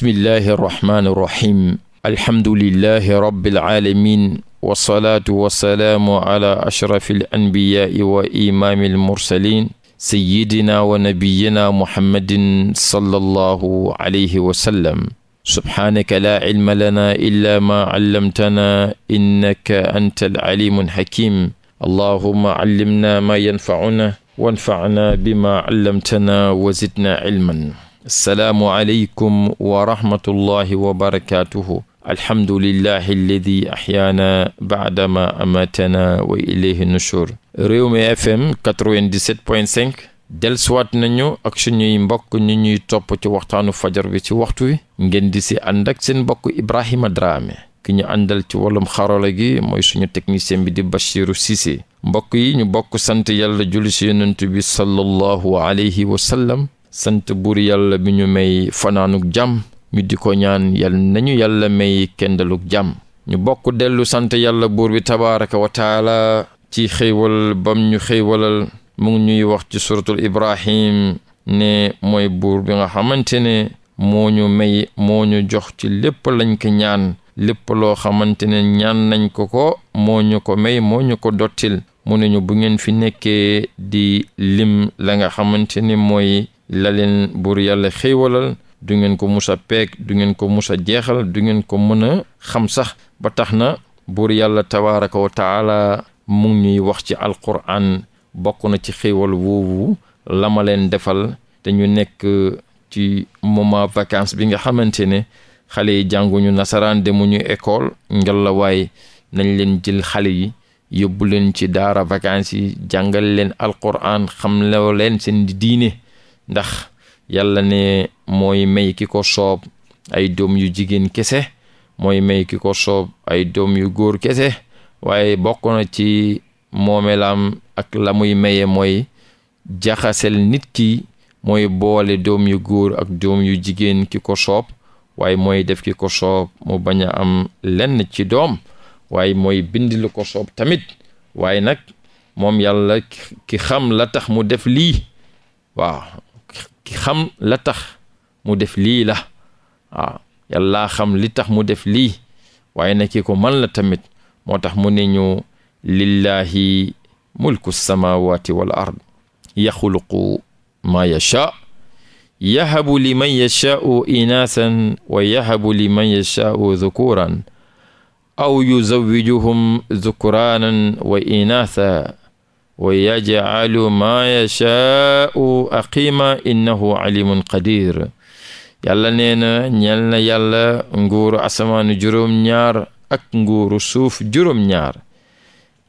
bismillahi arrahmani irrahim alhamdulilahi rabilaalamin wasalaatu wasalaamu ala ashrafi alanbiyaai wa imaami almursalin sayidina wa nabiyina muhammadin sallallahu alayhi wa sallam subhaanaka laa cilma lana illa ma callamtana innaka anta alcalimu alxakim allahuma callimna ma yanfacuna wanfacna bima callamtana wa zidna cilman asalaamualeykum wa rahmatullahi wa barakaatuhu alhamdulillahi alladi ahyaana baadama amatana wa ilayhi nushur Rewmi FM 97.5 dellusiwaat nañu ak suñuy mbokk ñu ñuy topp ci waxtaanu fajar wi ci waxtu wi ngeen di si ànd ak seen mbokk Ibrahima Dramé ki ñu àndal ci wàllum xarala gi mooy suñu technicien bi di Bachiru Cissé mbokk yi ñu bokk sant yàlla julli si yonent bi sallallahu alayhi wa sallam sant buur yàlla bi ñu may fanaanug jàmm ñu di ko ñaan yal nañu yàlla may kendaluk jàmm ñu bokk dellu sant yàlla buur bi tabaaraka wa ci xéewal bam ñu xéewalal mu ñuy wax ci suratul ibrahim ne mooy buur bi nga xamante ne moo ñu may moo ñu jox ci lépp lañ ko ñaan lépp loo xamante ne ñaan nañ ko ko moo ñu ko may moo ñu ko dottil moo ne ñu bu ngeen fi nekkee di lim la nga xamante ne mooy la leen buur yàlla xéewalal du ngeen ko mus a peeg du ngeen ko mus a jeexal du ngeen ko mën a xam sax ba tax na buur yàlla tabaaraka wa taala mu ñuy wax ci alquran bokk na ci xéewal woowu lama leen defal dañu ñu nekk ci moment vacance bi nga xamante ne xale yi jànguñu nasaraan mu école ngalla waay nañ leen jël xale yi yóbbu leen ci daara vacances yi jàngal leen alquran xam loo leen seen diine ndax yàlla ne mooy may ki ko soob ay doom yu jigéen kese mooy may ki ko soob ay doom yu góor kese waaye bokk na ci moomelam ak la muy maye mooy jaxasel nit ki mooy boole doom yu góor ak doom yu jigéen ki ko soob waaye mooy def ki ko soob mu bañ a am lenn ci doom waaye mooy bind ko soob tamit waaye nag moom yàlla ki xam la tax mu def lii waaw ki xam la tax mu def lii la waaw yàlla xam li tax mu def lii waaye na ki ko man la tamit moo tax mu ne ñu lillahi mulku samawati wal ard yaxuluqu maa yachaa yahabu liman yachaau inaasan wa yahabu liman yachaau dhukuran aw yuzawijuhum dhukuraanan wa inaasa wa yajcalu maa yashaau aqima innahu alimun qadir yàlla nee na ñel na yàlla nguuru asamaanu juróom-ñaar ak nguuru suuf juróom-ñaar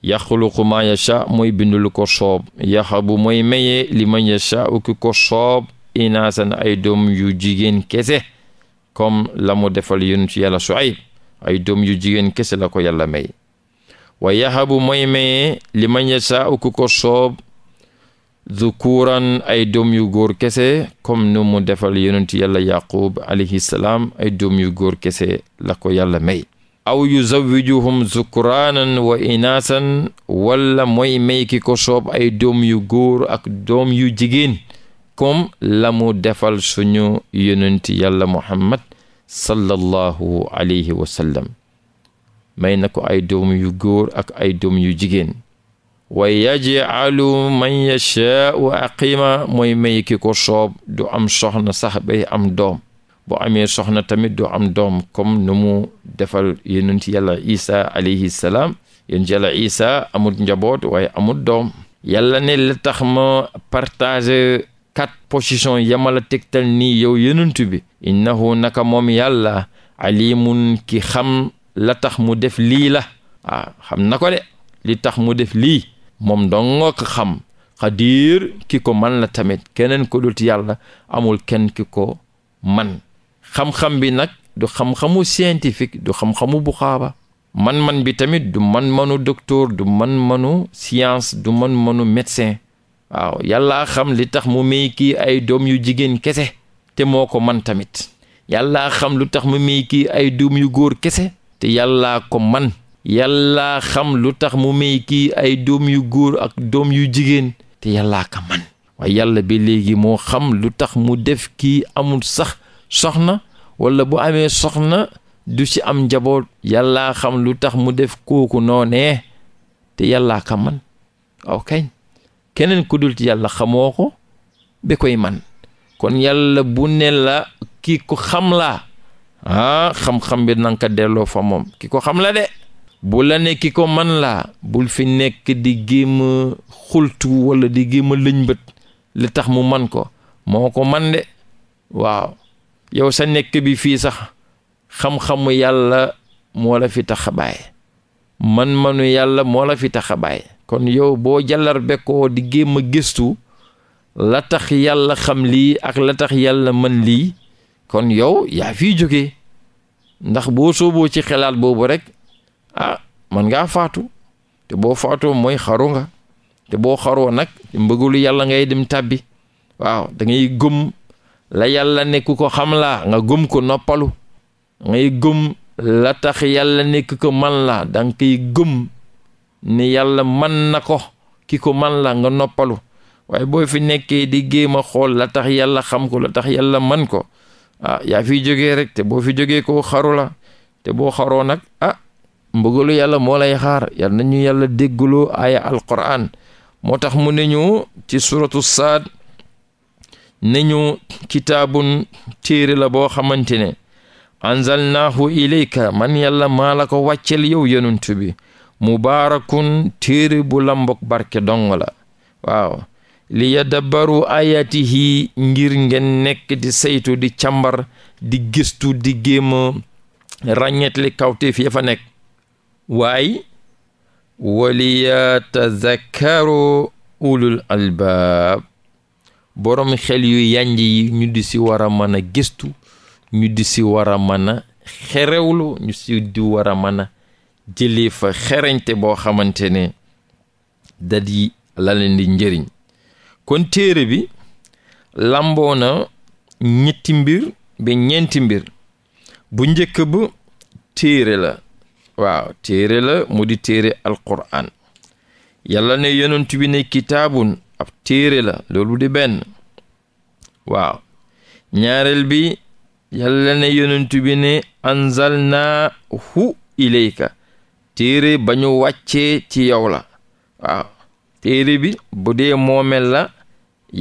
yaxluqu maa yasha mooy bind ko soob yaxabu mooy maye li man yashaau ki ko soob inaasan ay doom yu jigéen kese kom la mu defal yonent yàlla Suayb ay doom yu jigéen kese la ko yàlla may wa yahabu mooy maye li man yashaa'u ku ko soob zukuran ay doom yu góor kese kom nu mu defal yonent yàlla yaqub alayhi ay doom yu góor kese la ko yàlla may aw yuzawijuhum zukuraanan wa inaasan wala mooy may ki ko soob ay doom yu góor ak doom yu jigéen kom la mu defal suñu yonent yàlla muhammad sallallahu alayhi wa may na ko ay doom yu góor ak ay doom yu jigéen wa yaj'alu man yashaa'u aqima mooy may ki ko soob du am soxna sax bay am doom boo amee soxna tamit du am doom comme nu mu defal yonent yàlla isa alayhi salaam yonent yàlla isa njaboot waaye amut doom yalla ne la tax ma partager quatre positions yamala tegtal nii yow yonent bi innahu naka moom yàlla alimun ki xam la tax mu def lii la waaw ah, xam na ko de li tax mu def lii moom dong ko xam xadir ki ko man la tamit keneen ko dut yàlla amul kenn ki ko man xam-xam bi nag du xam-xamu scientifique du xam-xamu buxaaba man-man bi tamit du man-manu docteur du man-manu science du man-manu médecin waaw yàllaa xam li tax mu may kii ay doom yu jigéen kese te moo ko man tamit yàllaa xam lu tax mu may kii ay doom yu góor kese te yàllaa ko man yàllaa xam lu tax mu may kii ay doom yu góor ak doom yu jigéen te yàllaa ko man waaye yàlla bi léegi moo xam lu tax mu def kii amul sax soxna wala bu amee soxna du ci am njaboot yàllaa xam lu tax mu def kooku noonee te yàllaa ko man aw kañ keneen ku dul ci yàlla xamoo ko ba koy man kon yàlla bu ne la kii ko xam laa ah xam-xam bi nanga delloo fa moom ki ko xam la de bu la ne ki ko man laa bul fi nekk di géem a xultu wala di géem a lëñbët li tax mu man ko moo ko man de waaw yow sa nekk bi fii sax xam-xamu yàlla moo la fi tax a man-manu yàlla moo la fi tax a bàyyi kon yow boo jallar bekkoo di géem a gëstu la tax yàlla xam lii ak la tax yàlla man lii kon yow yaa fiy jóge ndax boo sooboo ci xelaat boobu rek ah man ngaa faatu te boo faatoo mooy xaru nga te boo xaroo nag mbëggalu yàlla ngay dem tàbbi waaw dangay ngay gëm la yàlla nekk ko xam laa nga gëm ko noppalu ngay gëm la tax yàlla nekk ko man la danga koy gëm ne yàlla man na ko ki ko man la nga noppalu waaye boo fi nekkee di géem a xool la tax yàlla xam ko la tax yàlla man ko a ah, yaa fiy jógee rek te boo fi jóge ko xaru la te boo xaroo nag ah mbëgalu yàlla moo lay xaar yal na ñu yàlla déggloo aaya alquran moo tax mu ne ñu ci suratu saad ne ñu kitaabun téere la boo xamante ne anzalnaahu ilayka man yàlla maa la ko wàccel yow yonent bi mubaarakun téere bu lambok barke dong la waaw li yadabbaru ayatihi ngir ngeen nekk di saytu di càmbar di gëstu di géema ràññetli kawteef ya fa nekk waaye wali yatazakkaru ulul albaab boroom xel yu yànj yi ñu di si war a mën a ñu di si war a mën a xerewlu ñu si di war a mën a jëlee fa xerañte boo xamante ne da di la leen di njëriñ kon téere bi lamboo na ñetti mbir ba ñeenti mbir bu njëkk bu téere la waaw téere la mu di téere alquran yàlla ne yonent bi ne kitaabun ab téere la loolu di benn waaw ñaareel bi yàlla ne yonent bi ne anzalnaahu ilayka téere bañu ñu wàccee ci yow la waaw téere bi bu dee moomeel la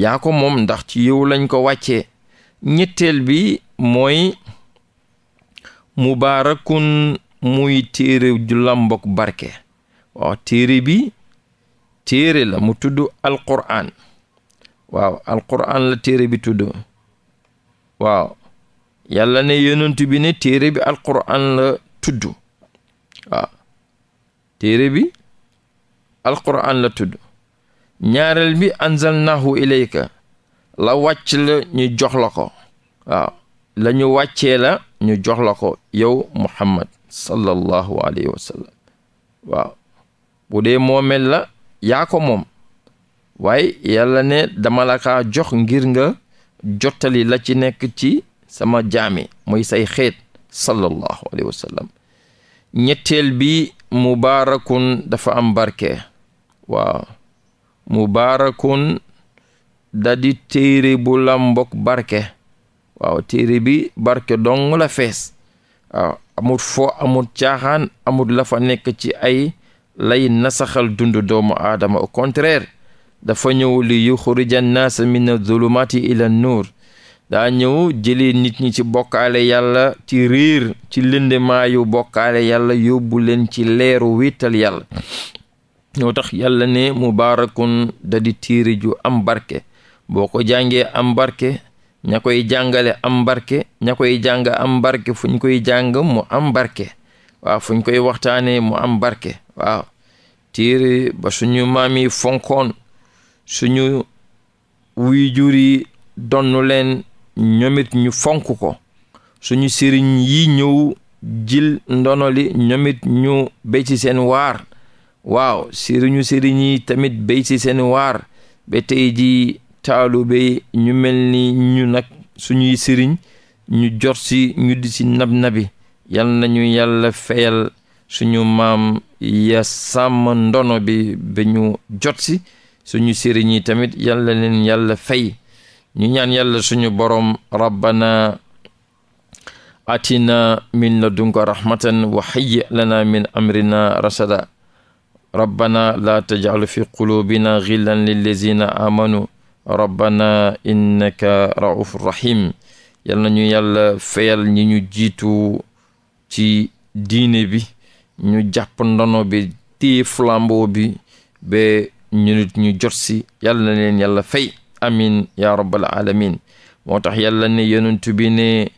yaa ko moom ndax ci yow lañ ko wàccee ñetteel bi mooy mubaarakun muy téere ju làmbook barke waaw bi téere la mu tudd alquran waaw alquran la téere bi tudd waaw yàlla ne yonent bi ne téere bi alquran la tudd téere bi alquran la tudd ñaareel bi anzalnahu ilayka la wàcc ñu jox la ko waaw la ñu la ñu jox la ko yow muhammad sallallahu alayhi wa waaw bu dee moomeel la yaa ko moom waaye yàlla ne dama la kaa jox ngir nga jottali la ci nekk ci sama jaami muy say xeet sallallahu alayhi wa ñetteel bi mubaarakun dafa am barke waaw mubaarakun dadi téere bu làmbook barke waaw téere bi barke dong la fees waaw amut foo amut caaxaan amut la nekk ci ay lay nasaxal dundu doomu aadama au dafa ñëw li yuxrija naasa mina zulumati ila nuur daa ñëw jëlee nit ñi ci bokkaale yàlla ci riir ci lëndemaayu bokkaale yàlla yóbbu leen ci leeru wiital yàlla ñoo tax yàlla ne mu da di tiiri ju am barke boo ko jàngee am barke ña koy jàngale am ña koy jàng am barke fu ñu koy jàng mu am barke waaw ñu koy waxtaanee mu am barke waaw tiiri ba suñu maam yi fonkoon suñu wuy jur yi donnu leen ñoomit ñu fonk ko suñu sëriñ yi ñëw jil ndono li ñoomit ñu béy seen waar waaw sëriñu sëriñ yi tamit béy si seen war ba tey ji taalube ñu mel ni ñu nag suñuy sëriñ ñu jot si ñu di si nab nabi yal nañu yàlla fayal suñu maam ya sàmm ndono bi ba ñu jot si suñu sëriñ yi tamit yàlla leen yàlla fay ñu ñaan yàlla suñu borom rabbana atina min ladunka rahmatan wa hayyi lana min amrina rasada rabbana laa tajal fi quluubina gillan lillazina amanu rabbana innaka rauf rahim yal na ñu yàlla fayal ñu ñu jiitu ci diine bi ñu jàpp ndono bi téye flambeau bi ba ñu nit ñu jot si yàlla na leen yàlla fay amin ya rabbal alamin moo tax yàlla ne yonent bi ne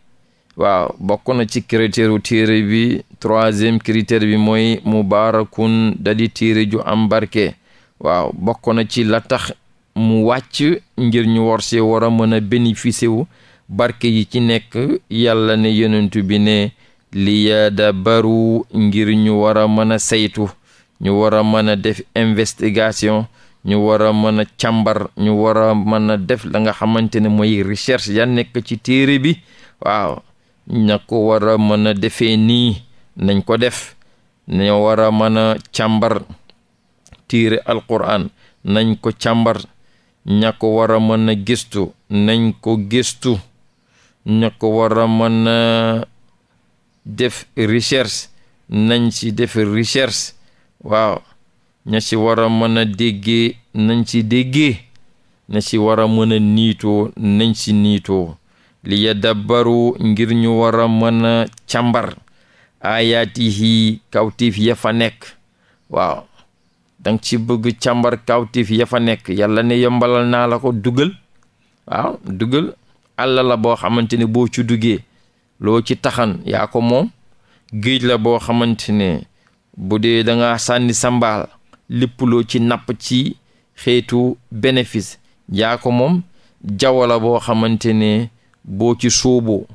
waaw bokk na ci critère téere bi troisième critère bi mooy mu mubaarakun dadi téere ju am barke waaw bokk na ci la tax mu wàcc ngir ñu war si war a mën a bénéficier wu barke yi ci nekk yàlla ne yonent bi ne li yada baru ngir ñu war a mën a saytu ñu war a mën a def investigation ñu war a mën a càmbar ñu war a mën a def la nga xamante ne mooy recherche ya nekk ci téere bi waaw ña ko war a mën a defee nii nañ ko def ña war a mën a càmbar tiire alquran nañ ko càmbar ña ko war a mën a gëstu nañ ko gëstu ña ko war a mën a def recherche nañ ci def recherche waaw ña ci war a mën a déggee nañ ci déggee ña ci war a mën a niitoo nañ ci niitoo li yadabbaru ngir ñu war a mën a càmbar ayaatihi kawtif ya fa nekk waaw dang ci bëgg càmbar kawtif yafa nekk yàlla ne yombalal naa la ko dugal waaw dugal àlla boo xamante ne boo ci duggee loo ci taxan yaa ko moom géej la boo xamante ne bu dee danga sànni sambaal lépp loo ci napp ci xeetu bénéfice yaa ko moom jawala boo xamante ne boo ci sóobu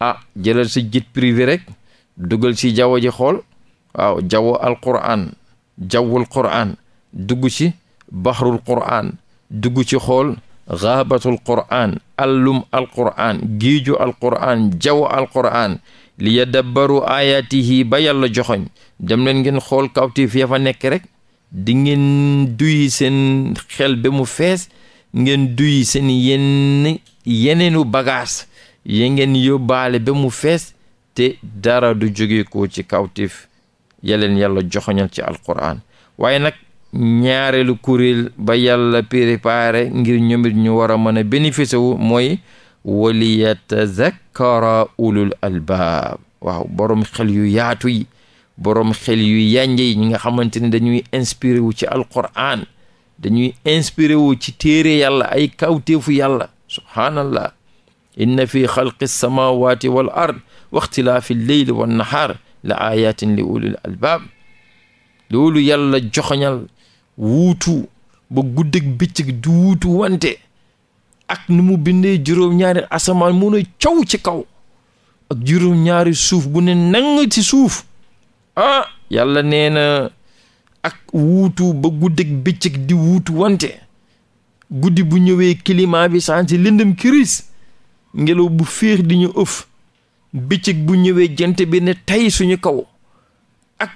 a ah, jëlal si jitpri privé rekk dugal ci jaww ji xool waaw jaww alquran jawwul quran dugg ci baxrul dugg ci xool xaabatul quran allum alquran géeju alquran jaww alquran li yadabbaru ayatihi ba yàlla joxoñ dem leen ngeen xool kawti fi fa nekk rek di ngeen duy seen xel ba mu fees ngeen duy seeni yenn yeneenu bagaas yi ngeen yóbbaale ba mu fees te dara du jóge ko ci kawtif yaleen yàlla joxoñal ci alquran waaye nag ñaareelu kuréel ba yàlla préparé ngir ñomit ñu war a mën a bénéficier wu mooy waliyatazakkara ulul albaab waaw boroom xel yu yaatu yi borom xel yu yànje ñi nga xamante ne dañuy inspiré wu ci alquran dañuy inspire wu ci téere yàlla ay kawteefu yàlla subhaanallah inna fi xalqi samawati wal ard wa ixtilaafi lleyli wan nahaar la ayatin li ulil albaab loolu yàlla joxoñal wuutu ba guddeeg bëccëg du wuutu wante ak nu mu bindee juróom-ñaari asamaan mu ne caw ci kaw ak juróom-ñaari suuf bu ne nang ci suuf ah yàlla nee na ak wuutu ba guddeeg bëccëg di wuutu wante guddi bu ñëwee climat bi changé lëndëm kiris ngelaw bu féex di ñu ëf bëccëg bu ñëwee jant bi ne tey suñu kaw ak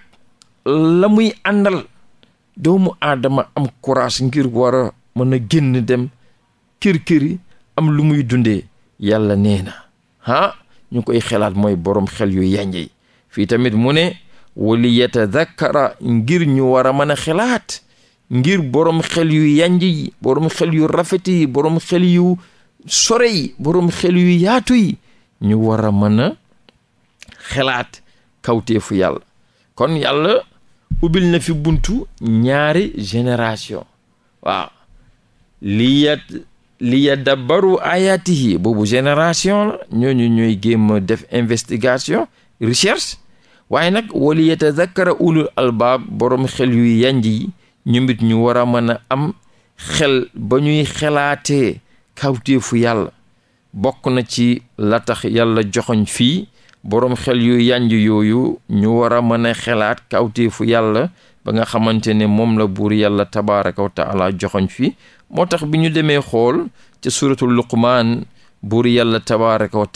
la muy àndal doomu aadama am courage ngir war a mën a génn dem kër-këri am lu muy dundee yàlla nee na ah ñu koy xelaat mooy boroom xel yu yanjey fii tamit mu ne wali yatadakkara ngir ñu war a mën a xelaat ngir borom xel yu yanj borom xel yu rafet yi borom xel yu sorey yi borom xel yu yaatu ñu war a mën a xelaat kawteefu yàlla kon yàlla ubbil na fi buntu ñaari génération waaw liya liya dabbaru ayatihi boobu génération la ñooñu ñooy gémm def investigation recherche waaye nag wali yatazakara ulul albaab borom xel yuy yanj yi ñu mbit ñu war a mën a am xel ba ñuy xelaatee kawteefu yàlla bokk na ci la tax yàlla joxoñ fii borom xel yu yanj yooyu ñu war a mën a xelaat kawteefu yàlla ba nga xamante ne moom la buur yàlla tabaraka wa taala joxoñ fii moo tax bi ñu demee xool ca suratul luqmaan buur yàlla tabaraka wa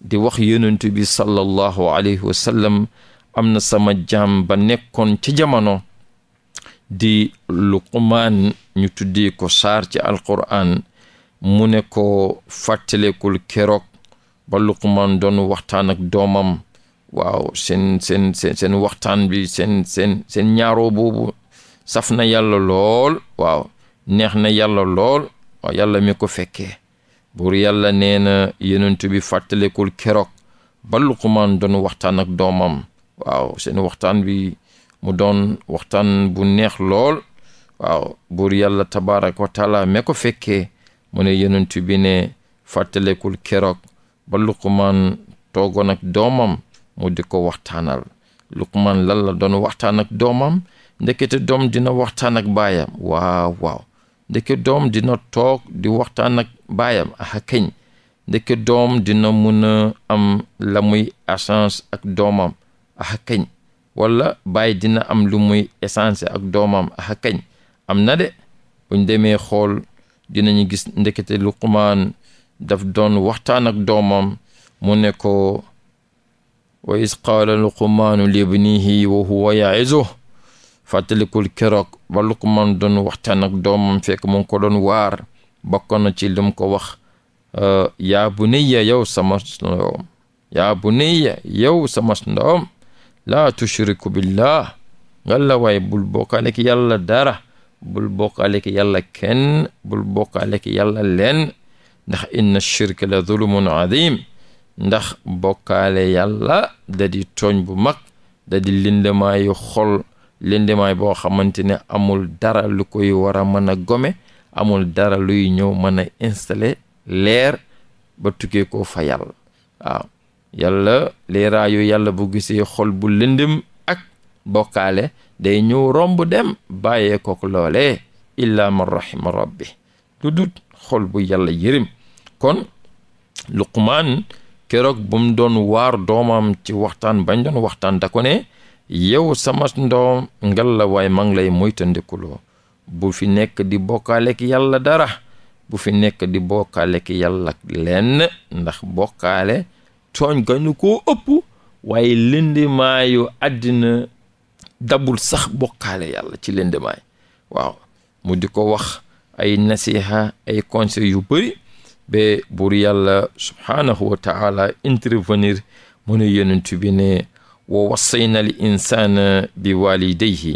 di wax yonent bi sallallahu alayhi wa am na sama jaam ba nekkoon ci jamono di luqmaan ñu tuddee ko saar ci alquran mu ne ko fàttalekul keroog ba luqmaan doon waxtaan ak doomam waaw seen seen waxtaan bi seen seen seen ñaaroo boobu saf na yàlla lool waaw neex na yàlla lool waaw yàlla mi ko fekkee buur yàlla nee na yenentu bi fàttalikul keroog ba Luqmaan doon waxtaan doomam waaw seen waxtaan bi mu doon waxtaan bu neex lool waaw buur yàlla tabaaraka wa taala me ko fekkee mu ne yenentu bi ne fàttalikul keroog ba Luqmaan toogoon ak doomam mu di ko waxtaanal Luqmaan lan la doon waxtaan ak doomam ndekete doom dina waxtaan ak baayam waaw waaw ndeke doom dina toog di waxtaan ak baayam ah kañ ndeke doom dina mun a am lamuy muy ak doomam ah kañ wala baay dina am lu muy essence ak doomam ah kañ am na de buñ demee xool dinañu gis ndekete Luqmaan daf doon waxtaan ak doomam mu ne ko wa is qaala Luqmaanu libnihi wa huwa ya'izuhu fàttalikul keroog ba Luqmaan doon waxtaan ak doomam fekk mu ko doon waar bokkoon na ci lim ko wax yaa bunayya yow sama ndoom yow sama ndoom laa tushriku billah ngalla waay bul bokkaale ki dara bul bokkaale ki kenn bul bokkaale ki yàlla leen ndax inna shirka la zulmun azim ndax bokkaale yàlla da tooñ bu mag da di lindamaayu xol lëndëmaay boo xamante ne amul dara lu koy war a mën a gome amul dara luy ñëw mën a installer leer ba tukkee ko fa yàlla waaw yàlla leeraayu yàlla bu gisee xol bu lëndëm ak bokkaale day ñëw romb dem bàyyee loole loolee illa man rahima rabbi lu dut xol bu yàlla yërëm kon luqmaan keroog bu doon waar doomam ci waxtaan bañ doon waxtaan da ko yow sama ndoom ngal la waay maa lay moytandikuloo bu fi nekk di bokkaalek yàlla dara bu fi nekk di bokkaalek yàlla lenn ndax bokkaale tooñ gañu ko ëpp waaye lëndemaayu àddina dabul sax bokkaale yàlla ci lëndemaay waaw mu di ko wax ay nasiha ay conseil yu bëri ba buur yàlla subhaanahu wa taala intervenir mu ne bi ne wa wassayna al insaana bi walidayhi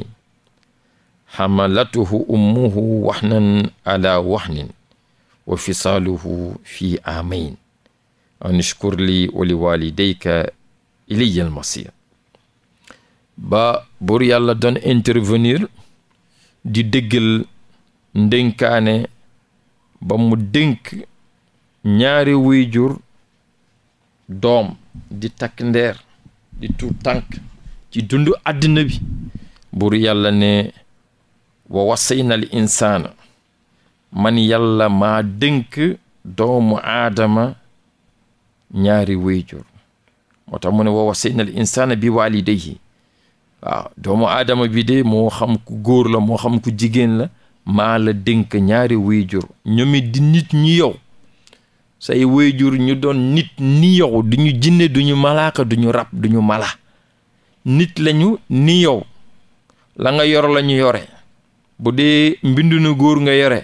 xamalatuhu ummuhu waxnan ala waxnin wa fisaaluhu fi aamayn an ishkur li wa li walidayka ba buur yàlla doon intervenir di dëggal ndénkaane ba mu dénk ñaari wuy doom di takk nder di tuur tànk ci dundu àddina bi buur yàlla ne wa wasaynal insaana man yàlla maa dënk doomu aadama ñaari wéyjur moo tax mu ne wa wasaynal insaana bi waalidayhi waaw doomu aadama bi de moo xam ku góor la moo xam ku jigéen la maa la dënk ñaari wéyjur ñoomit di nit ñi yow say wéyjur ñu doon nit ni yow duñu jinne duñu malaaka duñu rab duñu mala nit lañu ni yow la nga yor lañu yore bu dee mbindu na góor nga yore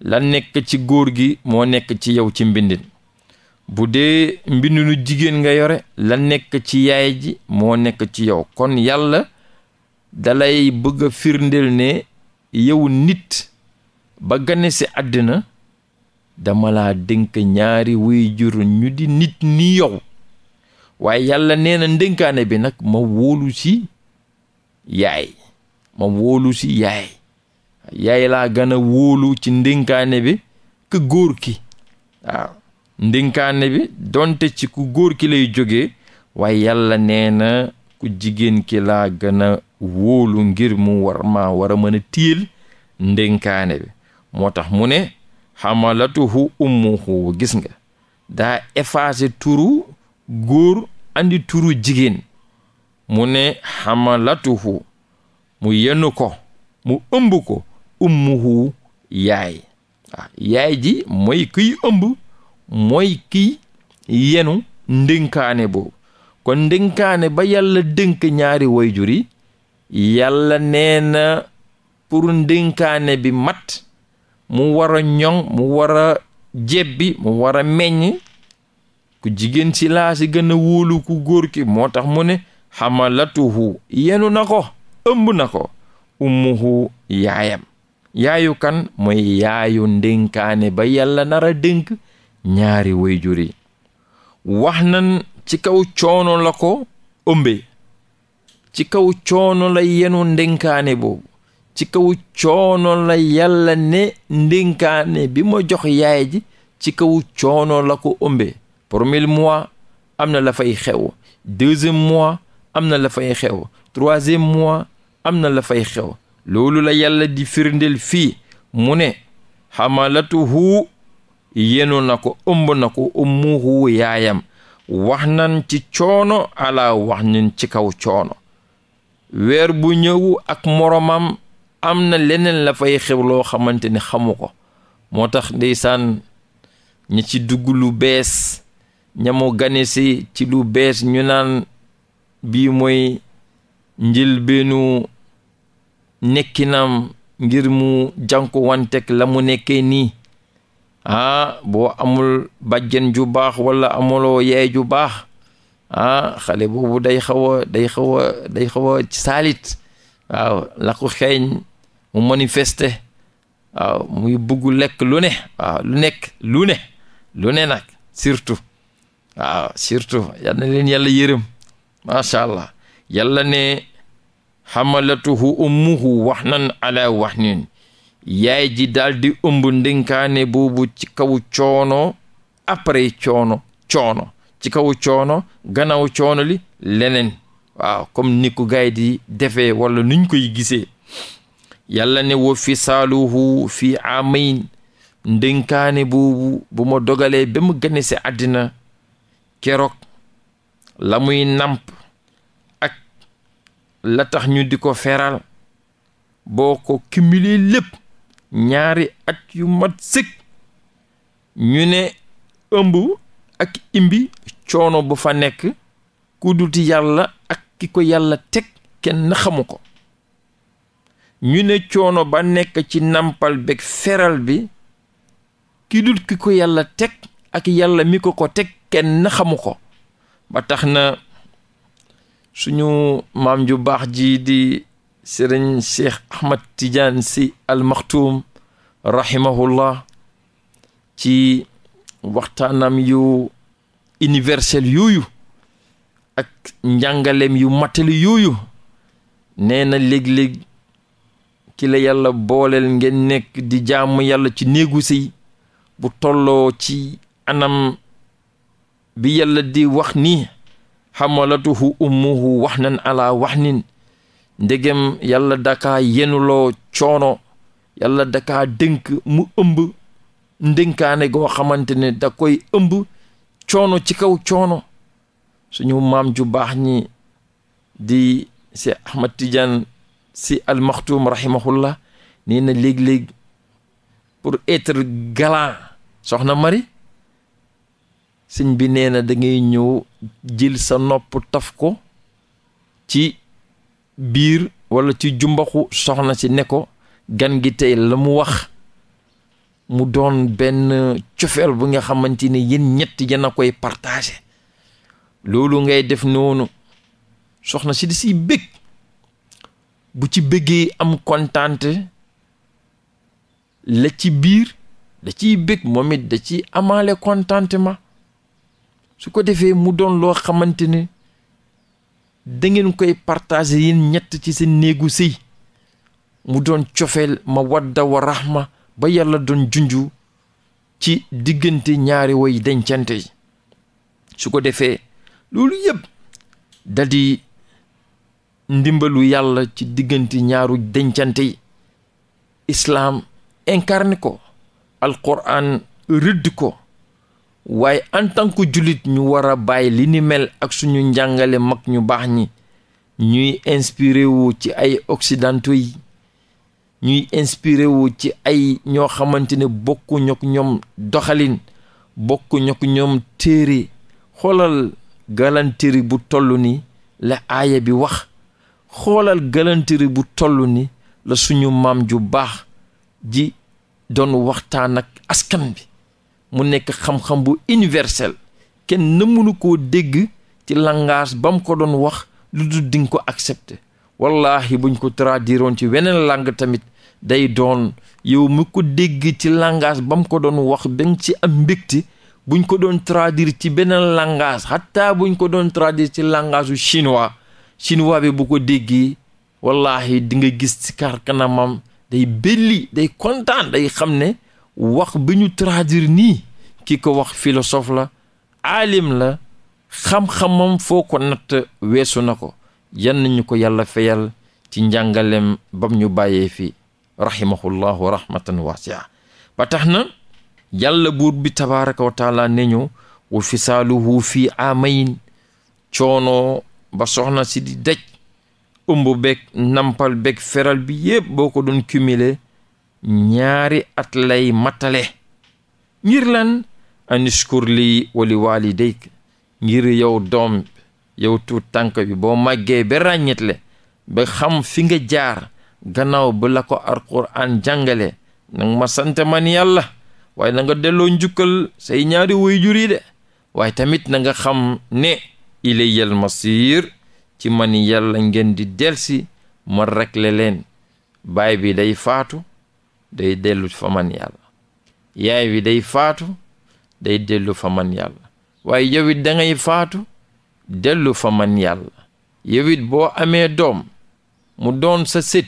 la nekk ci góor gi moo nekk ci yow ci mbindin bu dee mbindu nu jigéen nga yore la nekk ci yaay ji moo nekk ci yow kon yàlla dalay bëgg a firndeel ne yow nit ba gane si àddina damala laa dénk ñaari wuy jur ñu di nit ni yow waaye yàlla nee na ndénkaane bi nag ma wóolu si yaay ma wóolu si laa gën a wóolu ci ndénkaane bi ku góor ki waaw ndénkaane bi donte ci ku góor ki lay jógee waaye yàlla nee na ku jigéen ki laa gën a wóolu ngir mu war maa war a mën a téyel ndénkaane bi moo tax mu ne xamalatuhu ummuhu gis nga daa effacé turu góor andi turu jigéen mu ne xamalatuhu mu yenn ko mu ëmb ko ummuhu yaay yaay ji moy kii ëmb mooy kiy yenu ndénkaane boobu kon ndénkaane ba yàlla dénk ñaari wayjur yi yàlla nee na bi mat mu war ñoŋ mu war a jebbi mu war a meññ ku jigéen ci laa si gën a wóolu ku góor ki moo tax mu ne xamalatuhu yenu na ko ëmb na ko ummuhu yaayam yaayu kan mooy yaayu ndénkaane ba yàlla nara dénk ñaari wayjur yi wax nan ci kaw coono la ko ëmbe ci kaw coono la yenu ndénkaane boobu ci kaw coono la yàlla ne ndénkaane bi ma jox yaay ji ci kaw coono la ko ëmbee premier mois am na la fay xew deuxième mois am na la xew troisième mois am na la fay xew loolu la yàlla di firndeel fii mu ne xamalatuhu yenu na ko ëmb na ko ummuhu yaayam wax nan ci coono ala wax nan ci kaw coono weer bu ñëw ak moromam am na leneen lafay xew loo xamante ne xamu ko moo tax ndeysaan ñi ci dugg lu bees ñamu ganesi ci lu bees ñu naan bii mooy njëlbeenu nekkinam ngir mu jànku wantek la mu nekkee nii ah boo amul bàjjen ju baax wala amuloo yaay ju baax ah xale boobu day xaw a day xaw a waaw la xeeñ mu manifester waaw muy lekk lu ne lu nekk lu ne lu ne nag surtout waaw surtout yal na leen yàlla yërëm macha allah yàlla ne xamalatuhu ummuhu wax nan ala wax nin yaay ji daal di ëmb ndénkaane boobu ci kaw coono après coono coono ci kaw coono gannaaw coono li leneen waaw comme ni ko gaay di defee wala nuñ koy gisee yàlla ne wa fisaaluhu fi amayn ndénkaane boobu bu ma dogalee ba mu gane si àddina keroog la muy namp ak la tax ñu di ko feral boo ko cumuler lépp ñaari ak yu mat sëkk ñu ne ëmb ak imbi coono bu fa nekk ku duti yàlla ak ki ko yàlla teg kenn xamu ko ñu ne coono ba nekk ci nampal beg feral bi ki dul ko yàlla teg ak yàlla mi ko ko teg kenn xamu ko ba tax na suñu maam ju baax ji di sëriñ cheikh ahmad tidiane si almaxtuum rahimahullah ci waxtaanam yu universel yooyu ak njàngaleem yu matali yooyu nee na léeg-léeg ki la yàlla booleel ngeen nekk di jaamu yàlla ci néegu si bu tolloo ci anam bi yàlla di wax ni nii xamalatuhu ummuhu wax nan ala wax nin ndegem yàlla dakaa loo coono yàlla dakaa dënk mu ëmb ndënkaane goo xamante ne da koy ëmb coono ci kaw coono suñu maam ju baax ñi di si Ahmad si almaxtuum rahimahullah nee na léeg-léeg pour être galant soxna Mari sëñ bi nee na da ñëw jil sa nopp taf ko ci biir walla ci jumbaxu soxna si ne ko gan gi tey la mu wax mu doon benn cofeel bu nga xamante ne yéen ñett yéen a koy partagé loolu ngay def noonu soxna si di siy bég bu ci bëggee am kontaante la ci biir da ciy bëgg moom it da ci amaale contentement su ko defee mu doon loo xamante ne da ngeen koy partager yéen ñett ci seen néegu sëy mu doon cofeel ma wadda wa rahma ba yàlla doon junju ci diggante ñaari way dencante yi su ko defee loolu yëpp da ndimbalu yàlla ci diggante ñaaru dencante yi islaam incarné ko alquran rëdd ko waaye en tant que jullit ñu war a bàyyi li ni mel ak suñu njàngale mag ñu baax ñi ñuy inspiré wu ci ay occidentaux yi ñuy inspiré wu ci ay ñoo xamante ne bokkuñu ak ñoom doxalin bokkuñu ak ñoom téere xoolal galantéeri bu toll ni la aaya bi wax xoolal galantiri bu toll ni la suñu maam ju baax ji doon waxtaan ak askan bi mu nekk xam-xam bu universel kenn mënu ko dégg ci langage ba mu ko doon wax lu dul dinga ko accepté wallahi buñ ko traduiroon ci weneen langue tamit day doon yow mu ko dégg ci langage ba mu ko doon wax ba ci am mbégte buñ ko doon traduire ci beneen langage xataa buñ ko doon traduire ci langage u chinois chinois bi bu ko déggee wallahi di gis ci kar kanamam day belli day kontaan day xam ne wax bi ñu traduire nii ki ko wax philosophe la aalim la xam-xamam foo ko natt weesu na ko yan ñu ko yàlla fayal ci njàngalem bam ñu bàyyee fi rahimahullahu rahmatan wasia ba tax na yàlla buur bi tabaraka wa taala ne ñu wa fisaaluhu fii amayn coono ba soxna si di daj ëmb beeg nampal beeg feral bi yépp boo ko doon cumuler ñaari at lay mattale ngir lan anishkur lii wali waalidayk ngir yow doom yow tuut tànk bi boo màggee ba ràññetle ba xam fi nga jaar gannaaw ba la ko alquraan jàngale nang ma sant man yàlla waaye na delloo njukkal say ñaari waajur yi de waaye tamit na xam ne ilayal masir ci man yàlla ngeen di delsi ma rekle leen baay bi day faatu day dellu fa man yàlla yaay bi day faatu day dellu fa man yàlla waaye faatu dellu fa man boo amee doom mu doon sa sët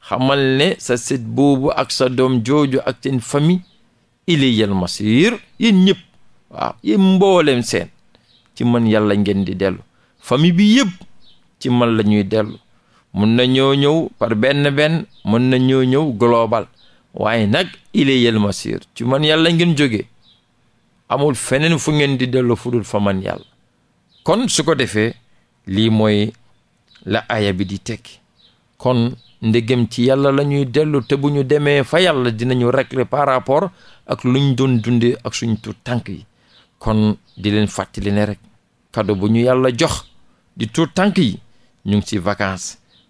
xamal ne sa sët boobu ak sa doom jooju ak seen famille ilayal masir yéen ñëpp waaw yéen mboolem seen ci man yàlla ngeen di dellu famille bii yëpp ci man la ñuy dellu mun na ñoo ñëw par benn benn mun na ñoo ñëw global waaye nag ilayal masir ci man yàlla ngeen jóge amul feneen fu ngeen di dellu fu dul fa man yàlla kon su ko defee lii mooy la aaya bi di tekki kon ndegem ci yàlla la ñuy dellu te bu ñu demee fa yàlla dinañu régler par rapport ak luñ doon dunde ak suñ tu tànk yi kon di leen fàttali ne rek kado bu ñu yàlla jox di tuur tànk yi ñu ngi ci vacances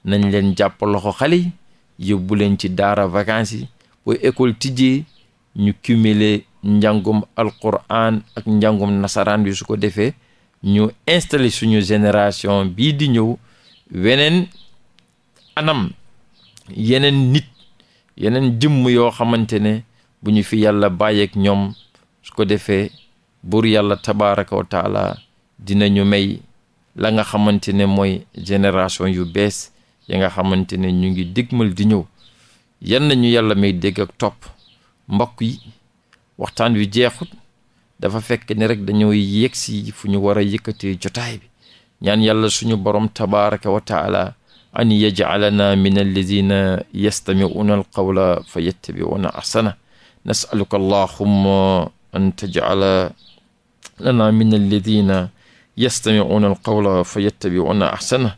nañ leen jàpp loxo xale yi yóbbu leen ci daara vacances yi booy école tijjee ñu kimile njàngum alquran ak njàngum nasaraan bi su ko defee ñu installé suñu génération bii di ñëw weneen anam yeneen nit yeneen jëmm yoo xamante ne bu ñu fi yàlla bàyyeek ñoom su ko defee buur yàlla tabaraka wa dinañu may la nga xamante ne mooy génération yu bees ya nga xamante ne ñu ngi digmal di ñëw yan nañu yàlla may dégg ak topp mbokk yi waxtaan wi jeexut dafa fekk ne rek dañoo yegg si fu ñu war a yëkkatee jotaay bi ñaan yàlla suñu borom tabaraka wa taala an yajcalana min alladina yastamicuuna alqawla fa yattabicuuna ahsana nasaluka allahumma an tajcala lana min alladina yastamiuuna alqawla fa yattabiuuna ahsana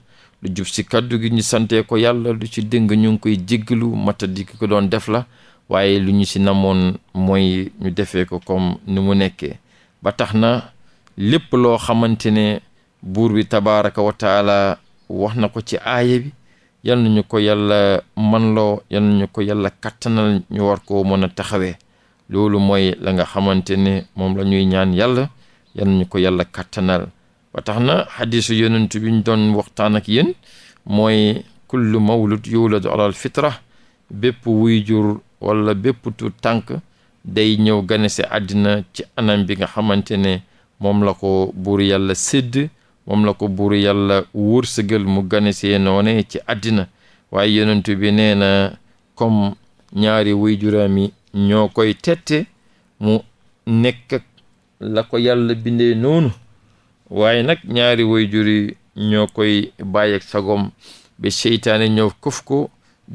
lu jub si kàddu gi ñu santee ko yàlla lu ci dëng ñu ngi koy jéggalu mata di ki ko doon def la waaye lu ñu si namoon mooy ñu defee ko comme ni mu nekkee ba tax na lépp loo xamante ne buur bi tabaraka wa taala wax na ko ci aaya yan yal ko yàlla man loo yal nañu ko yàlla kattanal ñu war koo mën a taxawee loolu mooy la nga xamante ne moom la ñuy ñaan yàlla yal nañu ko yàlla kattanal ba tax na xadisu yonent bi doon waxtaan ak yéen mooy kullu mawlud yuladu alal fitra bépp wuy jur wala bépp tu tànk day ñëw gane si àddina ci anam bi nga xamante ne moom la ko buur yàlla sedd moom la ko buur yàlla wërsëgal mu gane see noone ci àddina waaye yonent bi nee na comme ñaari wuy juraam yi ñoo koy tette mu nekk la ko yàlla bindee noonu waaye nag ñaari wayjur yi ñoo koy bàyyi sagom ba seytaane ñëw këf ko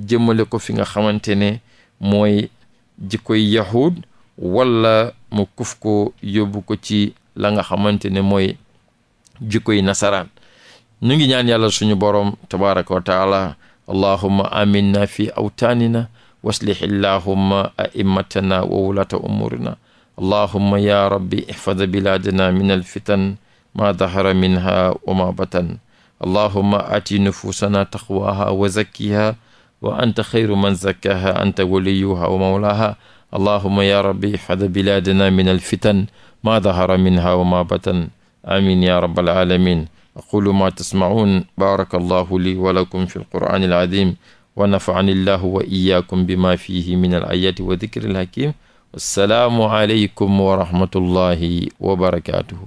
jëmale ko fi nga xamante ne mooy jikkoy yahud wala mu këf ko yóbbu ci la nga xamante ne mooy jikkoy nasaraan ñu ngi ñaan yàlla suñu borom tabaraka wa taala allahumma aminna fi awtaanina waslih illahumma na wa wulata umurina allahumma ya rabbi ihfad biladana min alfitan maa dahara minha wa ma batan allahuma aati nufuusanaa taqwaaha wa zakkiha wa anta xayru man zakkaaha anta waliyuha wa mawlaaha allahuma ya rabbi hada bilaadana min alfitan maa dahara minha wa ma batan amin ya rabbal alamin aqulu ma tasmaun baraka allahu li wa lakum fi alqur'ani alazim wa nafa'ani allahu wa iyyakum bima fihi min alayati wa dhikri alhakim wassalaamu aleykum wa rahmatullahi wa barakatuhu